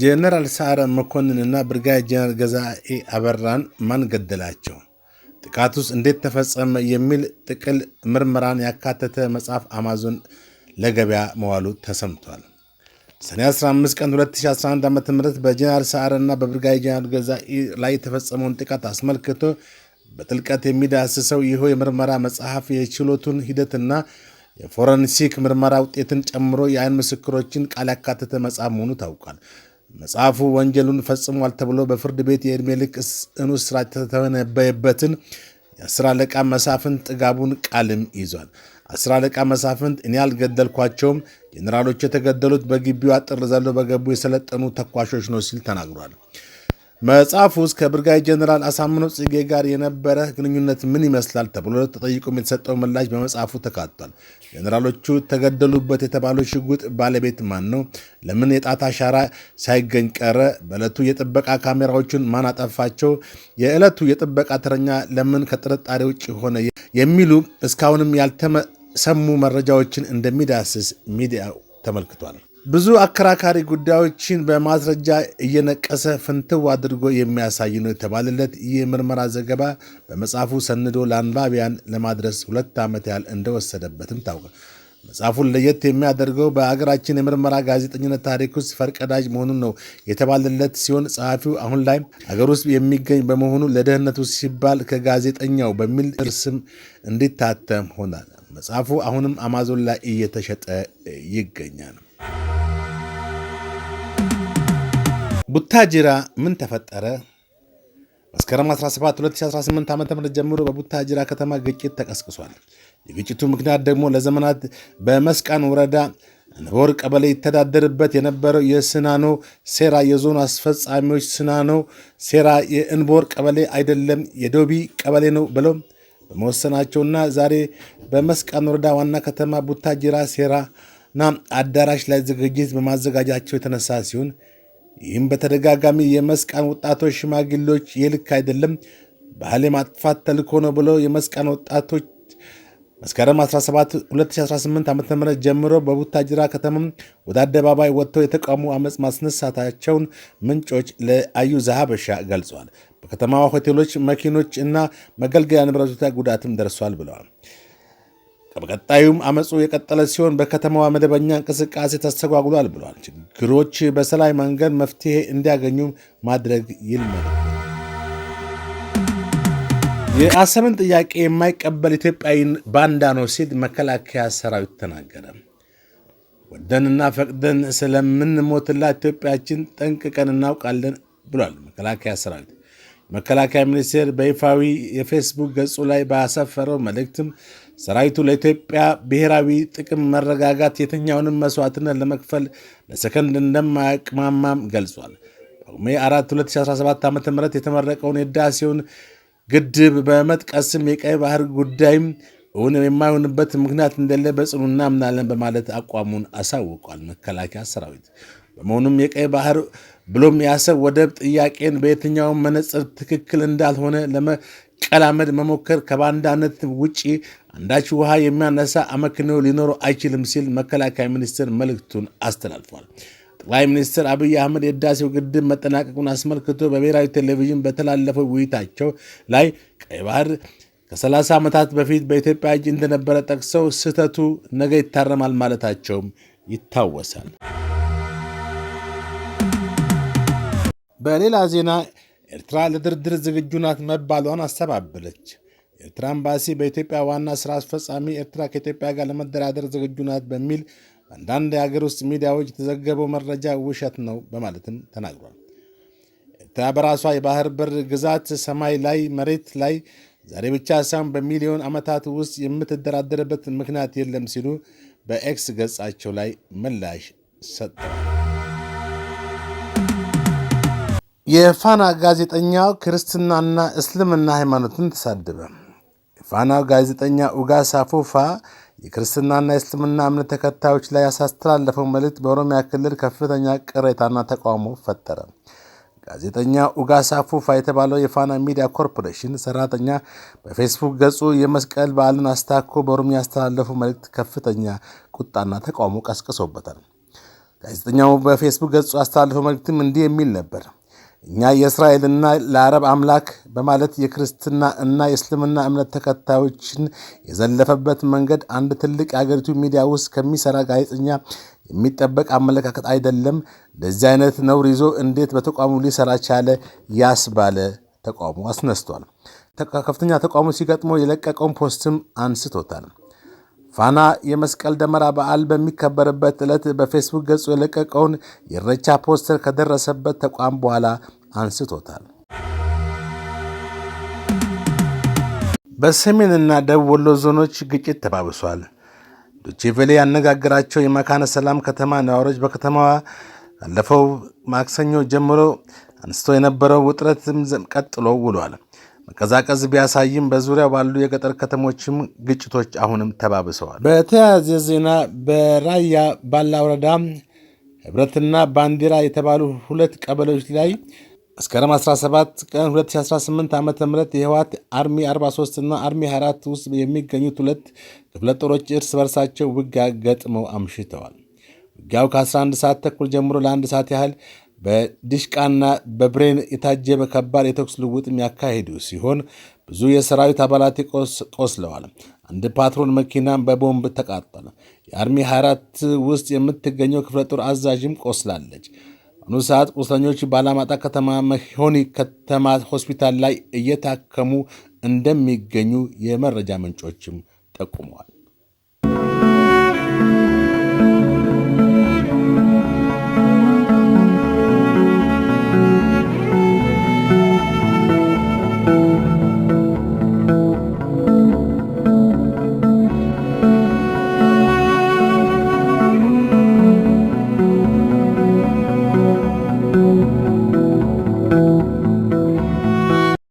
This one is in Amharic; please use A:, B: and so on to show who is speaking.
A: ጄኔራል ሰዓረ መኮንንና ብርጋዴር ጄኔራል ገዛኢ አበራን ማን ገደላቸው? ጥቃት እንዴት ተፈጸመ? የሚል ጥቅል ምርመራን ያካተተ መጽሐፍ አማዞን ለገበያ መዋሉ ተሰምቷል። ሰኔ 15 ቀን 2011 ዓ ም በጄኔራል ሰዓረና በብርጋዴር ጄኔራል ገዛኢ ላይ የተፈጸመውን ጥቃት አስመልክቶ በጥልቀት የሚዳስሰው ይህ የምርመራ መጽሐፍ የችሎቱን ሂደትና የፎረንሲክ ምርመራ ውጤትን ጨምሮ የአይን ምስክሮችን ቃል ያካተተ መጽሐፍ መሆኑ ታውቋል። መጽሐፉ ወንጀሉን ፈጽሟል ተብሎ በፍርድ ቤት የዕድሜ ልክ ጽኑ እስራት የተተነበየበትን የአስር አለቃ መሳፍንት ጥጋቡን ቃልም ይዟል። አስር አለቃ መሳፍንት እኔ አልገደልኳቸውም፣ ጄኔራሎች የተገደሉት በግቢው አጥር ዘሎ በገቡ የሰለጠኑ ተኳሾች ነው ሲል ተናግሯል። መጽሐፍ ውስጥ ከብርጋዴር ጀኔራል አሳምነው ጽጌ ጋር የነበረ ግንኙነት ምን ይመስላል ተብሎ ተጠይቆም የተሰጠው ምላሽ በመጽሐፉ ተካቷል። ጀኔራሎቹ ተገደሉበት የተባለው ሽጉጥ ባለቤት ማን ነው? ለምን የጣት አሻራ ሳይገኝ ቀረ? በዕለቱ የጥበቃ ካሜራዎቹን ማን አጠፋቸው? የዕለቱ የጥበቃ ተረኛ ለምን ከጥርጣሬ ውጭ ሆነ? የሚሉ እስካሁንም ያልተሰሙ መረጃዎችን እንደሚዳስስ ሚዲያው ተመልክቷል። ብዙ አከራካሪ ጉዳዮችን በማስረጃ እየነቀሰ ፍንትው አድርጎ የሚያሳይ ነው የተባለለት ይህ ምርመራ ዘገባ በመጽሐፉ ሰንዶ ለአንባቢያን ለማድረስ ሁለት ዓመት ያህል እንደወሰደበትም ታውቋል። መጽሐፉን ለየት የሚያደርገው በአገራችን የምርመራ ጋዜጠኝነት ታሪክ ውስጥ ፈርቀዳጅ መሆኑን ነው የተባለለት ሲሆን ጸሐፊው አሁን ላይ አገር ውስጥ የሚገኝ በመሆኑ ለደህንነቱ ሲባል ከጋዜጠኛው በሚል እርስም እንዲታተም ሆናል። መጽሐፉ አሁንም አማዞን ላይ እየተሸጠ ይገኛል። ቡታጅራ ምን ተፈጠረ? መስከረም 17 2018 ዓ ም ጀምሮ በቡታጅራ ከተማ ግጭት ተቀስቅሷል። የግጭቱ ምክንያት ደግሞ ለዘመናት በመስቃን ወረዳ ንቦር ቀበሌ ይተዳደርበት የነበረው የስናኖ ሴራ የዞኑ አስፈጻሚዎች ስናኖ ሴራ የእንቦር ቀበሌ አይደለም የዶቢ ቀበሌ ነው ብለው በመወሰናቸውና ዛሬ በመስቃን ወረዳ ዋና ከተማ ቡታጅራ ሴራና አዳራሽ ላይ ዝግጅት በማዘጋጃቸው የተነሳ ሲሆን ይህም በተደጋጋሚ የመስቃን ወጣቶች ሽማግሌዎች የልክ አይደለም ባህል የማጥፋት ተልእኮ ነው ብለው የመስቃን ወጣቶች መስከረም 17 2018 ዓ ም ጀምሮ በቡታጅራ ከተማ ወደ አደባባይ ወጥተው የተቃውሞ አመፅ ማስነሳታቸውን ምንጮች ለአዩ ዘሀበሻ ገልጿል። በከተማዋ ሆቴሎች፣ መኪኖች እና መገልገያ ንብረቶች ጉዳትም ደርሷል ብለዋል። በቀጣዩም አመፁ የቀጠለ ሲሆን በከተማዋ መደበኛ እንቅስቃሴ ተስተጓጉሏል ብሏል። ችግሮች በሰላማዊ መንገድ መፍትሄ እንዲያገኙ ማድረግ ይልመል። የአሰብን ጥያቄ የማይቀበል ኢትዮጵያዊ ባንዳ ነው ሲል መከላከያ ሰራዊት ተናገረ። ወደንና ፈቅደን ስለምንሞትላት ኢትዮጵያችን ጠንቅቀን እናውቃለን ብሏል መከላከያ ሰራዊት። መከላከያ ሚኒስቴር በይፋዊ የፌስቡክ ገጹ ላይ ባሰፈረው መልእክትም ሰራዊቱ ለኢትዮጵያ ብሔራዊ ጥቅም መረጋጋት የትኛውንም መስዋዕትነት ለመክፈል ለሰከንድ እንደማያቅማማም ገልጿል። ጳጉሜ 4 2017 ዓ ም የተመረቀውን የህዳሴውን ግድብ በመጥቀስም የቀይ ባህር ጉዳይም እውን የማይሆንበት ምክንያት እንደሌለ በጽኑ እናምናለን በማለት አቋሙን አሳውቋል መከላከያ ሰራዊት። በመሆኑም የቀይ ባህር ብሎም የአሰብ ወደብ ጥያቄን በየትኛውም መነጽር ትክክል እንዳልሆነ መቀላመድ መሞከር ከባንዳነት ውጭ አንዳች ውሃ የሚያነሳ አመክንዮ ሊኖረው አይችልም ሲል መከላከያ ሚኒስቴር መልእክቱን አስተላልፏል። ጠቅላይ ሚኒስትር አብይ አህመድ የህዳሴው ግድብ መጠናቀቁን አስመልክቶ በብሔራዊ ቴሌቪዥን በተላለፈው ውይይታቸው ላይ ቀይ ባህር ከ30 ዓመታት በፊት በኢትዮጵያ እጅ እንደነበረ ጠቅሰው ስህተቱ ነገ ይታረማል ማለታቸውም ይታወሳል። በሌላ ዜና ኤርትራ ለድርድር ዝግጁ ናት መባሏን አስተባበለች። የኤርትራ ኤምባሲ በኢትዮጵያ ዋና ስራ አስፈጻሚ ኤርትራ ከኢትዮጵያ ጋር ለመደራደር ዝግጁ ናት በሚል በአንዳንድ የሀገር ውስጥ ሚዲያዎች የተዘገበው መረጃ ውሸት ነው በማለትም ተናግሯል። ኤርትራ በራሷ የባህር በር ግዛት ሰማይ ላይ መሬት ላይ ዛሬ ብቻ ሳይሆን በሚሊዮን ዓመታት ውስጥ የምትደራደርበት ምክንያት የለም ሲሉ በኤክስ ገጻቸው ላይ ምላሽ ሰጥተዋል። የፋና ጋዜጠኛ ክርስትናና እስልምና ሃይማኖትን ተሳደበ። የፋና ጋዜጠኛ ኡጋሳ ፉፋ የክርስትናና የእስልምና እምነት ተከታዮች ላይ ያሳስተላለፈው መልእክት በኦሮሚያ ክልል ከፍተኛ ቅሬታና ተቃውሞ ፈጠረ። ጋዜጠኛ ኡጋሳ ፉፋ የተባለው የፋና ሚዲያ ኮርፖሬሽን ሰራተኛ በፌስቡክ ገጹ የመስቀል በዓልን አስታኮ በኦሮሚያ ያስተላለፈው መልእክት ከፍተኛ ቁጣና ተቃውሞ ቀስቅሶበታል። ጋዜጠኛው በፌስቡክ ገጹ ያስተላለፈው መልእክትም እንዲህ የሚል ነበር። እኛ የእስራኤልና ለአረብ አምላክ በማለት የክርስትና እና የእስልምና እምነት ተከታዮችን የዘለፈበት መንገድ አንድ ትልቅ የአገሪቱ ሚዲያ ውስጥ ከሚሰራ ጋዜጠኛ የሚጠበቅ አመለካከት አይደለም። እንደዚህ አይነት ነውር ይዞ እንዴት በተቋሙ ሊሰራ ቻለ ያስባለ ተቃውሞ አስነስቷል። ከፍተኛ ተቃውሞ ሲገጥሞ የለቀቀውን ፖስትም አንስቶታል። ፋና የመስቀል ደመራ በዓል በሚከበርበት ዕለት በፌስቡክ ገጹ የለቀቀውን የኢሬቻ ፖስተር ከደረሰበት ተቋም በኋላ አንስቶታል። በሰሜንና ደቡብ ወሎ ዞኖች ግጭት ተባብሷል። ዶቼቬሌ ያነጋገራቸው የመካነ ሰላም ከተማ ነዋሪዎች በከተማዋ ካለፈው ማክሰኞ ጀምሮ አንስቶ የነበረው ውጥረትም ቀጥሎ ውሏል። መቀዛቀዝ ቢያሳይም በዙሪያ ባሉ የገጠር ከተሞችም ግጭቶች አሁንም ተባብሰዋል። በተያያዘ ዜና በራያ ባላ ወረዳ ህብረትና ባንዲራ የተባሉ ሁለት ቀበሌዎች ላይ መስከረም 17 ቀን 2018 ዓ ም የህወሓት አርሚ 43 እና አርሚ 24 ውስጥ የሚገኙት ሁለት ክፍለ ጦሮች እርስ በርሳቸው ውጊያ ገጥመው አምሽተዋል። ውጊያው ከ11 ሰዓት ተኩል ጀምሮ ለአንድ ሰዓት ያህል በዲሽቃና በብሬን የታጀበ ከባድ የተኩስ ልውውጥ የሚያካሂዱ ሲሆን ብዙ የሰራዊት አባላት ቆስለዋል። አንድ ፓትሮን መኪናም በቦምብ ተቃጠለ። የአርሚ 24 ውስጥ የምትገኘው ክፍለ ጦር አዛዥም ቆስላለች። በአሁኑ ሰዓት ቁስለኞች በአላማጣ ከተማ መሆኒ ከተማ ሆስፒታል ላይ እየታከሙ እንደሚገኙ የመረጃ ምንጮችም ጠቁመዋል።